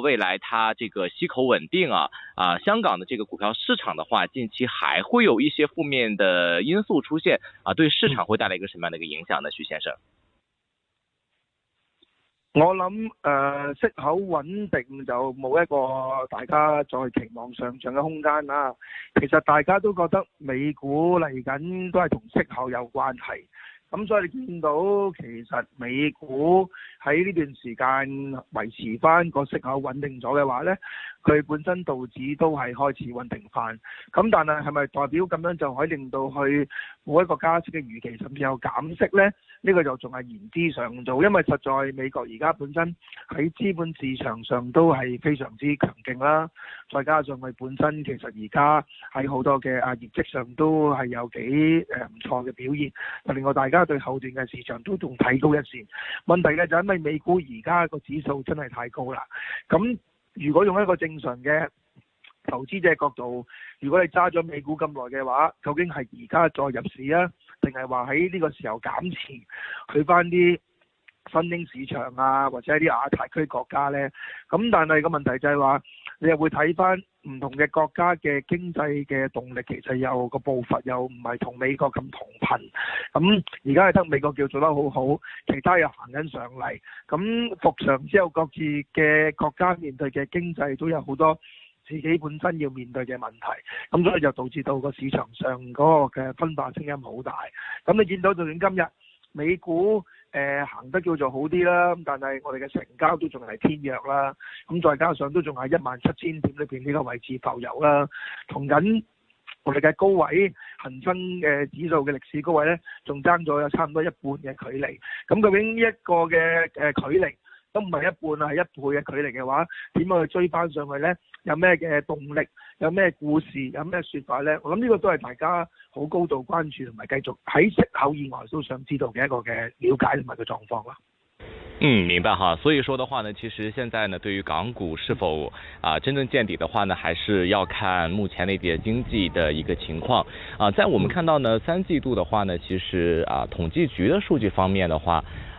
未來它這個息口穩定啊啊，香港的這個股票市場的話，近期還會有一些負面的因素出現啊，對市場會帶來一個什麼樣的一個影響呢？徐先生，我諗，誒、呃、息口穩定就冇一個大家再期望上漲嘅空間啊。其實大家都覺得美股嚟緊都係同息口有關係。咁所以你見到其實美股喺呢段時間維持翻個息口穩定咗嘅話咧，佢本身道指都係開始穩定翻。咁但係係咪代表咁樣就可以令到去每一個加息嘅預期甚至有減息咧？呢個就仲係言之尚早，因為實在美國而家本身喺資本市場上都係非常之強勁啦。再加上佢本身其實而家喺好多嘅啊業績上都係有幾誒唔錯嘅表現就另外大家。對後段嘅市場都仲睇高一線，問題呢就係因為美股而家個指數真係太高啦。咁如果用一個正常嘅投資者角度，如果你揸咗美股咁耐嘅話，究竟係而家再入市啊，定係話喺呢個時候減持，去翻啲新興市場啊，或者一啲亞太區國家呢？咁但係個問題就係話。你又會睇返唔同嘅國家嘅經濟嘅動力，其實有個步伐又唔係同美國咁同頻。咁而家係得美國叫做得好好，其他又行緊上嚟。咁復常之後，各自嘅國家面對嘅經濟都有好多自己本身要面對嘅問題。咁所以就導致到個市場上嗰個嘅分化聲音好大。咁你見到就算今日美股，誒、呃、行得叫做好啲啦，咁但係我哋嘅成交都仲係偏弱啦，咁再加上都仲係一萬七千點裏面呢個位置浮遊啦，同緊我哋嘅高位恒生嘅指數嘅歷史高位咧，仲爭咗有差唔多一半嘅距離，咁究竟一個嘅誒距離都唔係一半啊，係一倍嘅距離嘅話，點樣去追翻上去咧？有咩嘅動力？有咩故事？有咩說法呢？我諗呢個都係大家好高度關注同埋繼續喺息口以外都想知道嘅一個嘅了解同埋個狀況啦。嗯，明白哈。所以說的話呢，其實現在呢，對於港股是否啊真正見底的話呢，還是要看目前呢啲經濟的一個情況。啊，在我們看到呢三季度的話呢，其實啊統計局嘅數據方面嘅話。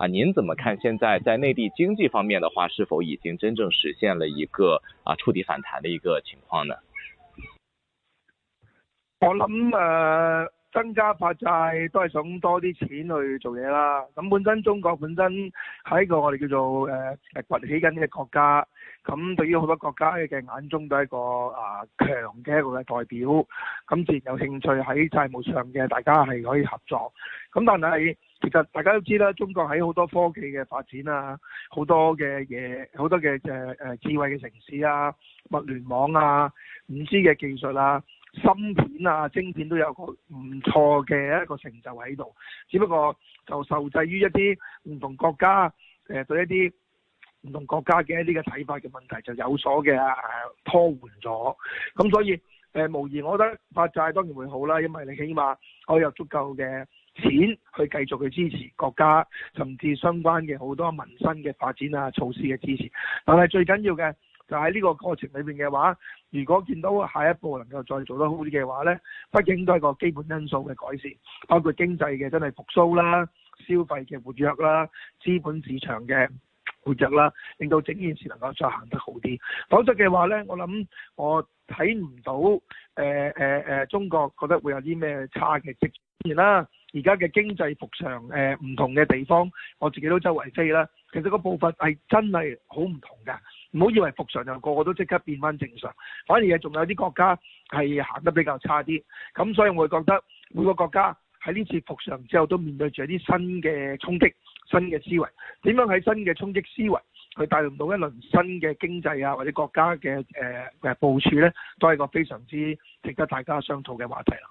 啊，您怎麼看現在在內地經濟方面的話，是否已經真正實現了一個啊觸底反彈的一個情況呢？我諗誒、呃，增加發債都係想多啲錢去做嘢啦。咁本身中國本身喺一個我哋叫做誒呃、崛起緊嘅國家，咁對於好多國家嘅眼中都係一個啊、呃、強嘅一個嘅代表。咁自然有興趣喺債務上嘅，大家係可以合作。咁但係。其實大家都知啦，中國喺好多科技嘅發展啊，好多嘅嘢，好多嘅誒誒智慧嘅城市啊，物聯網啊，五 G 嘅技術啊，芯片啊，晶片都有個唔錯嘅一個成就喺度。只不過就受制於一啲唔同國家、呃、對一啲唔同國家嘅一啲嘅睇法嘅問題，就有所嘅誒拖緩咗。咁所以、呃、無疑我覺得發債當然會好啦，因為你起碼可以有足夠嘅。錢去繼續去支持國家，甚至相關嘅好多民生嘅發展啊、措施嘅支持。但係最緊要嘅就喺、是、呢個過程裏面嘅話，如果見到下一步能夠再做得好啲嘅話呢，畢竟都係個基本因素嘅改善，包括經濟嘅真係復甦啦、消費嘅活躍啦、資本市場嘅活躍啦，令到整件事能夠再行得好啲。否則嘅話呢，我諗我睇唔到誒、呃呃、中國覺得會有啲咩差嘅跡象啦。而家嘅經濟復常，誒、呃、唔同嘅地方，我自己都周圍飛啦。其實個部分係真係好唔同㗎，唔好以為復常就個個都即刻變翻正常，反而係仲有啲國家係行得比較差啲。咁所以我會覺得每個國家喺呢次復常之後都面對住一啲新嘅衝擊、新嘅思維，點樣喺新嘅衝擊思維、啊，去帶動到一輪新嘅經濟啊或者國家嘅誒嘅部署呢？都係個非常之值得大家商討嘅話題啦。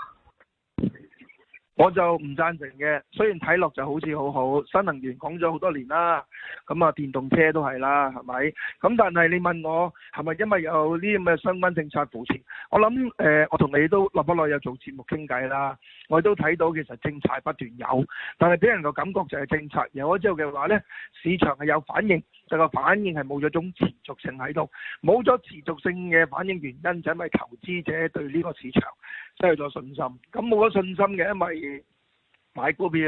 我就唔贊成嘅，雖然睇落就好似好好，新能源講咗好多年啦，咁啊電動車都係啦，係咪？咁但係你問我係咪因為有呢啲咁嘅相關政策扶持？我諗誒、呃，我同你都耐不耐有做節目傾偈啦，我都睇到其實政策不斷有，但係俾人個感覺就係政策有咗之後嘅話呢，市場係有反應，就個、是、反應係冇咗種持續性喺度，冇咗持續性嘅反應原因就係因為投資者對呢個市場。失去咗信心，咁冇咗信心嘅，因為買股票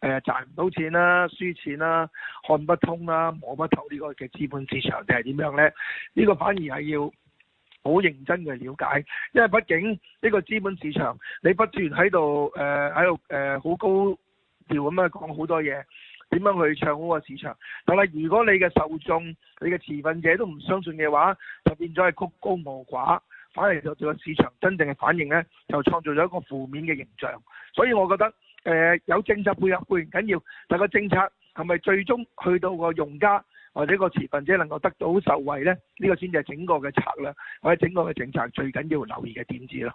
誒賺唔到錢啦、啊，輸錢啦、啊，看不通啦、啊，摸不透呢個嘅資本市場定係點樣呢？呢、呢個反而係要好認真去了解，因為畢竟呢個資本市場，你不斷喺度誒喺度誒好高調咁樣講好多嘢，點樣去唱好嗰個市場？但係如果你嘅受眾、你嘅持份者都唔相信嘅話，就變咗係曲高和寡。反而就對個市場真正嘅反應呢，就創造咗一個負面嘅形象，所以我覺得、呃、有政策配合固然緊要，但個政策係咪最終去到個用家或者個持份者能夠得到受惠呢？呢、呢個先至係整個嘅策略或者整個嘅政策最緊要留意嘅點子咯。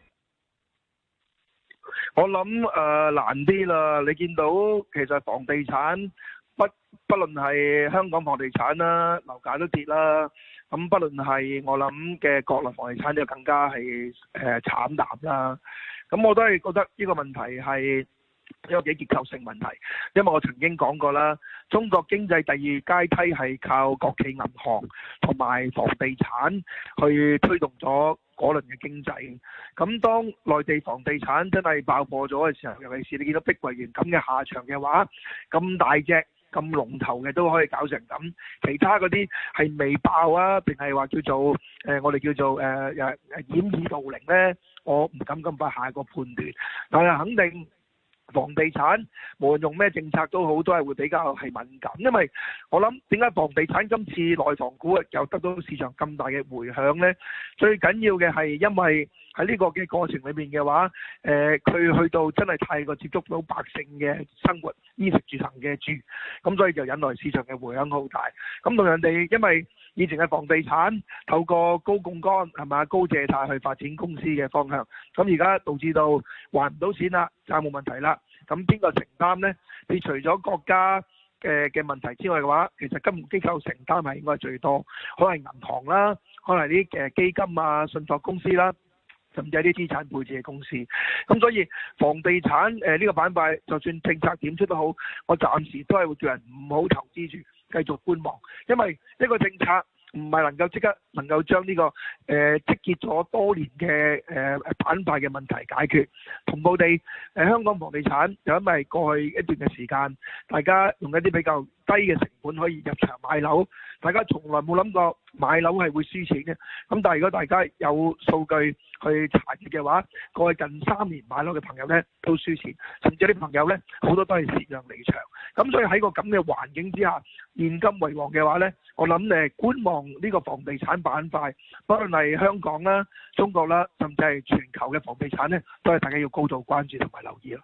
我諗誒、呃、難啲啦，你見到其實房地產不不論係香港房地產啦，樓價都跌啦，咁不論係我諗嘅國內房地產就更加係誒、呃、慘淡啦，咁我都係覺得呢個問題係一個幾結構性問題，因為我曾經講過啦，中國經濟第二階梯係靠國企銀行同埋房地產去推動咗嗰輪嘅經濟。咁當內地房地產真係爆破咗嘅時候，尤其是你見到碧桂園咁嘅下場嘅話，咁大隻咁龍頭嘅都可以搞成咁，其他嗰啲係未爆啊，定係話叫做誒我哋叫做誒誒、呃、掩耳盜鈴咧？我唔敢咁快下個判斷，但係肯定。房地產，無論用咩政策都好，都係會比較係敏感，因為我諗點解房地產今次內房股又得到市場咁大嘅迴響呢？最緊要嘅係因為。喺呢個嘅過程裏邊嘅話，誒佢去到真係太過接觸到百姓嘅生活，衣食住行嘅住，咁所以就引來市場嘅回響好大。咁同人哋因為以前嘅房地產透過高槓桿係咪啊，高借貸去發展公司嘅方向，咁而家導致到還唔到錢啦，債務問題啦，咁邊個承擔呢？你除咗國家嘅嘅問題之外嘅話，其實金融機構承擔係應該最多，可能銀行啦，可能啲嘅基金啊、信託公司啦。甚至係啲資產配置嘅公司，咁所以房地產呢個板塊，就算政策點出都好，我暫時都係會叫人唔好投資住，繼續觀望，因為呢個政策唔係能夠即刻能夠將呢、呢個誒、呃、積結咗多年嘅誒、呃、板塊嘅問題解決。同步地、呃、香港房地產，就因為過去一段嘅時間，大家用一啲比較低嘅成本可以入場買樓，大家從來冇諗過。買樓係會輸錢嘅，咁但係如果大家有數據去查嘅話，過去近三年買樓嘅朋友呢都輸錢，甚至啲朋友呢好多都係蝕讓離場。咁所以喺個咁嘅環境之下，現金為王嘅話呢，我諗誒觀望呢個房地產板塊，不論係香港啦、中國啦，甚至係全球嘅房地產呢，都係大家要高度關注同埋留意咯。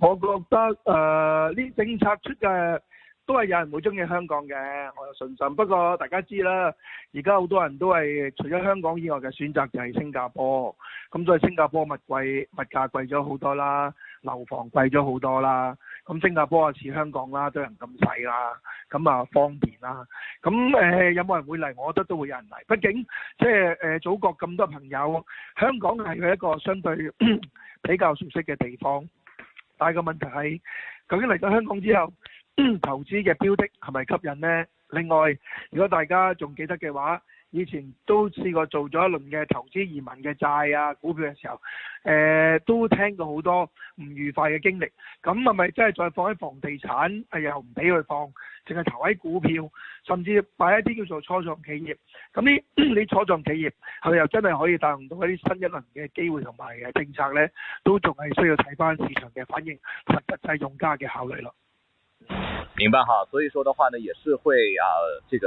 我覺得誒呢、呃、政策出嘅都係有人會中意香港嘅，我有信心。不過大家知啦，而家好多人都係除咗香港以外嘅選擇就係新加坡。咁所以新加坡物貴物價貴咗好多啦，樓房貴咗好多啦。咁新加坡好似香港啦，都人咁細啦，咁啊方便啦。咁、呃、有冇人會嚟？我覺得都會有人嚟。畢竟即係、誒、祖國咁多朋友，香港係佢一個相對 比較熟悉嘅地方。但係個問題係，究竟嚟咗香港之後，投資嘅標的係咪吸引呢？另外，如果大家仲記得嘅話，以前都試過做咗一輪嘅投資移民嘅債啊股票嘅時候，誒、呃、都聽過好多唔愉快嘅經歷，咁係咪真係再放喺房地產？誒，又唔俾佢放，淨係投喺股票，甚至擺一啲叫做初創企業。咁呢？你 初創企業係咪又真係可以帶動到一啲新一輪嘅機會同埋，誒政策咧？都仲係需要睇翻市場嘅反應，實質用家嘅考慮。明白哈，所以說的話呢，也是會啊，這個。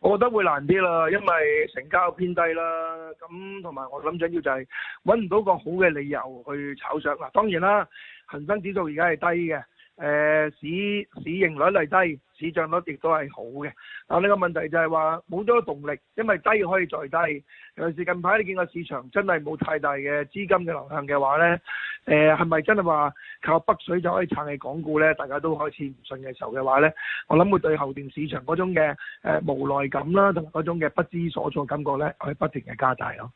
我覺得會難啲啦，因為成交偏低啦，咁同埋我諗緊要就係揾唔到個好嘅理由去炒上。嗱，當然啦，恒生指數而家係低嘅。誒市市盈率係低，市漲率亦都係好嘅。但呢個問題就係話冇咗動力，因為低可以再低。尤其是近排你見個市場真係冇太大嘅資金嘅流向嘅話咧，誒係咪真係話靠北水就可以撐起港股咧？大家都開始唔信嘅時候嘅話咧，我諗會對後段市場嗰種嘅誒、呃、無奈感啦，同埋嗰種嘅不知所措感覺咧，可以不停嘅加大咯。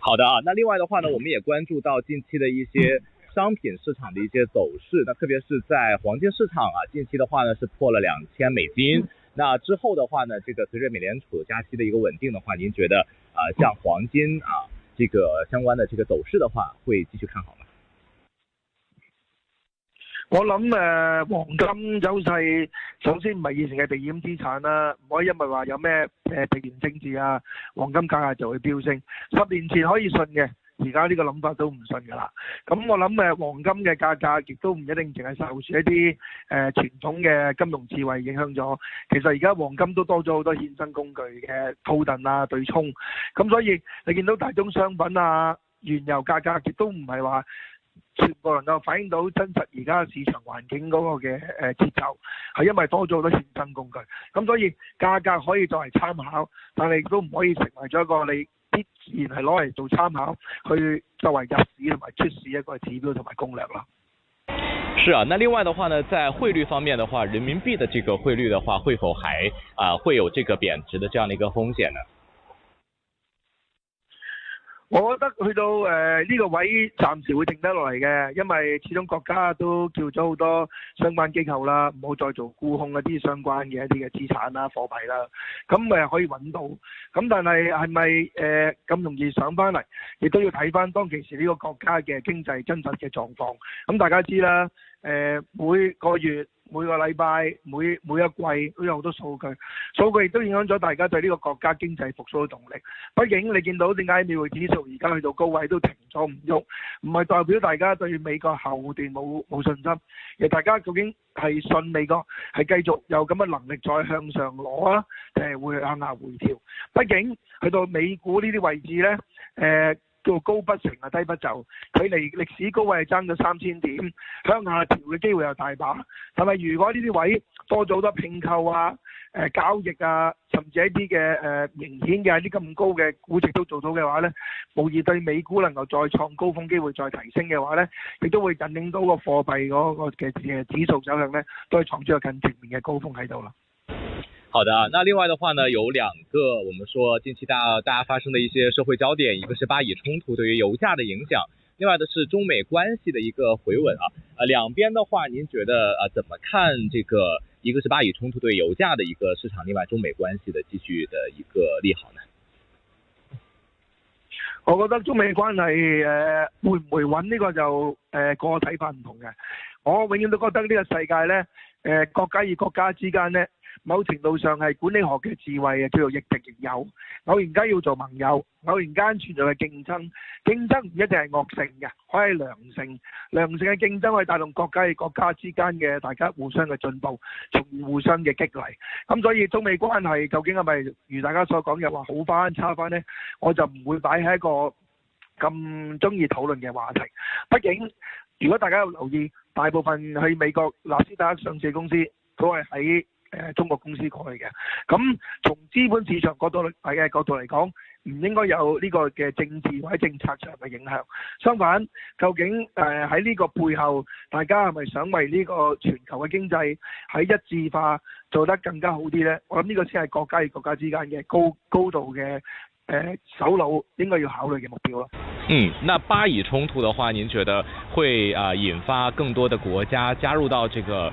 好的啊，那另外的話呢，我們也關注到近期的一些。商品市場的一些走勢，那特別是在黃金市場啊，近期的話呢是破了兩千美金。那之後的話呢，這個隨着美聯儲加息的一個穩定的話，您覺得啊、呃，像黃金啊這個相關的這個走勢的話，會繼續看好嗎？我諗誒、呃，黃金走勢首先唔係以前嘅避險資產啦、啊，唔可以因為話有咩誒地緣政治啊，黃金價格就會飆升。十年前可以信嘅。而家呢個諗法都唔信㗎啦，咁我諗誒黃金嘅價格亦都唔一定淨係受住一啲誒、呃、傳統嘅金融智慧影響咗，其實而家黃金都多咗好多衍生工具嘅套戥啊、對沖，咁所以你見到大宗商品啊、原油價格亦都唔係話全部能夠反映到真實而家市場環境嗰個嘅誒節奏，係因為多咗好多衍生工具，咁所以價格可以作為參考，但係亦都唔可以成為咗一個你。必然係攞嚟做參考，去作為入市同埋出市一個指標同埋攻略啦。是啊，那另外的話呢，在匯率方面的話，人民幣的這個匯率的話，會否還啊、呃、會有這個貶值的這樣的一個風險呢？我覺得去到誒呢、呃這個位暫時會定得落嚟嘅，因為始終國家都叫咗好多相關機構啦，唔好再做沽空嗰啲相關嘅一啲嘅資產、啊、貨幣啦、貨幣啦，咁、嗯、咪可以揾到。咁、嗯、但係係咪誒咁容易上翻嚟，亦都要睇翻當其時呢個國家嘅經濟真實嘅狀況。咁、嗯、大家知啦，誒、呃、每個月。每個禮拜，每每一季都有好多數據，數據亦都影響咗大家對呢個國家經濟復甦嘅動力。畢竟你見到點解美匯指數而家去到高位都停咗唔喐，唔係代表大家對美國後段冇冇信心。其實大家究竟係信美國係繼續有咁嘅能力再向上攞啊？定係會向下回調。畢竟去到美股呢啲位置呢。誒、呃。到高不成啊，低不就。佢離歷史高位係爭咗三千點，向下調嘅機會又大把。係咪？如果呢啲位多咗好多拼購啊、呃、交易啊，甚至一啲嘅誒明顯嘅啲咁高嘅估值都做到嘅話呢，無疑對美股能夠再創高峰機會再提升嘅話呢，亦都會引領到個貨幣嗰個嘅指數走向呢，都係創咗個近十年嘅高峰喺度啦。好的，那另外的話呢，有兩個，我們說近期大大家發生的一些社會焦點，一個是巴以衝突對於油價的影響，另外的是中美關係的一個回穩啊。呃，兩邊的話，您覺得，啊，怎麼看這個？一個是巴以衝突對油價的一個市場，另外中美關係的繼續的一個利好呢？我覺得中美關係，誒、呃，會唔會穩？呢個就，誒、呃，個睇法唔同嘅。我永遠都覺得呢個世界呢，誒、呃，國家與國家之間呢。某程度上係管理學嘅智慧啊，叫做亦敵亦友。偶然間要做盟友，偶然間存在嘅競爭。競爭唔一定係惡性嘅，可以良性。良性嘅競爭可以帶動國家與國家之間嘅大家互相嘅進步，從而互相嘅激勵。咁所以中美關係究竟係咪如大家所講嘅話好翻差翻呢？我就唔會擺喺一個咁中意討論嘅話題。畢竟，如果大家有留意，大部分去美國納斯達克上市公司，佢係喺，誒中國公司開嘅，咁從資本市場角度嚟，係角度嚟講，唔應該有呢個嘅政治或者政策上嘅影響。相反，究竟誒喺呢個背後，大家係咪想為呢個全球嘅經濟喺一致化做得更加好啲呢？我諗呢個先係國家與國家之間嘅高高度嘅誒首腦應該要考慮嘅目標咯。嗯，那巴以衝突嘅話，您覺得會啊引發更多的國家加入到這個？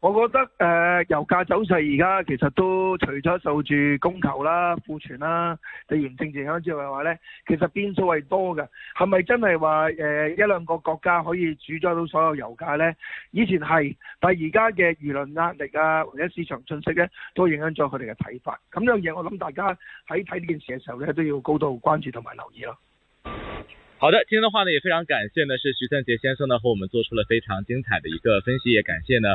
我覺得誒、呃，油價走勢而家其實都除咗受住供求啦、庫存啦、地緣政治影響之外嘅話咧，其實變數係多嘅。係咪真係話誒一兩個國家可以主宰到所有油價咧？以前係，但係而家嘅輿論壓力啊，或者市場信息咧，都影響咗佢哋嘅睇法。咁樣嘢，我諗大家喺睇呢件事嘅時候咧，都要高度關注同埋留意咯。好的，今天嘅話呢，也非常感謝呢，是徐燦傑先生呢，和我們做出了非常精彩嘅一個分析，也感謝呢。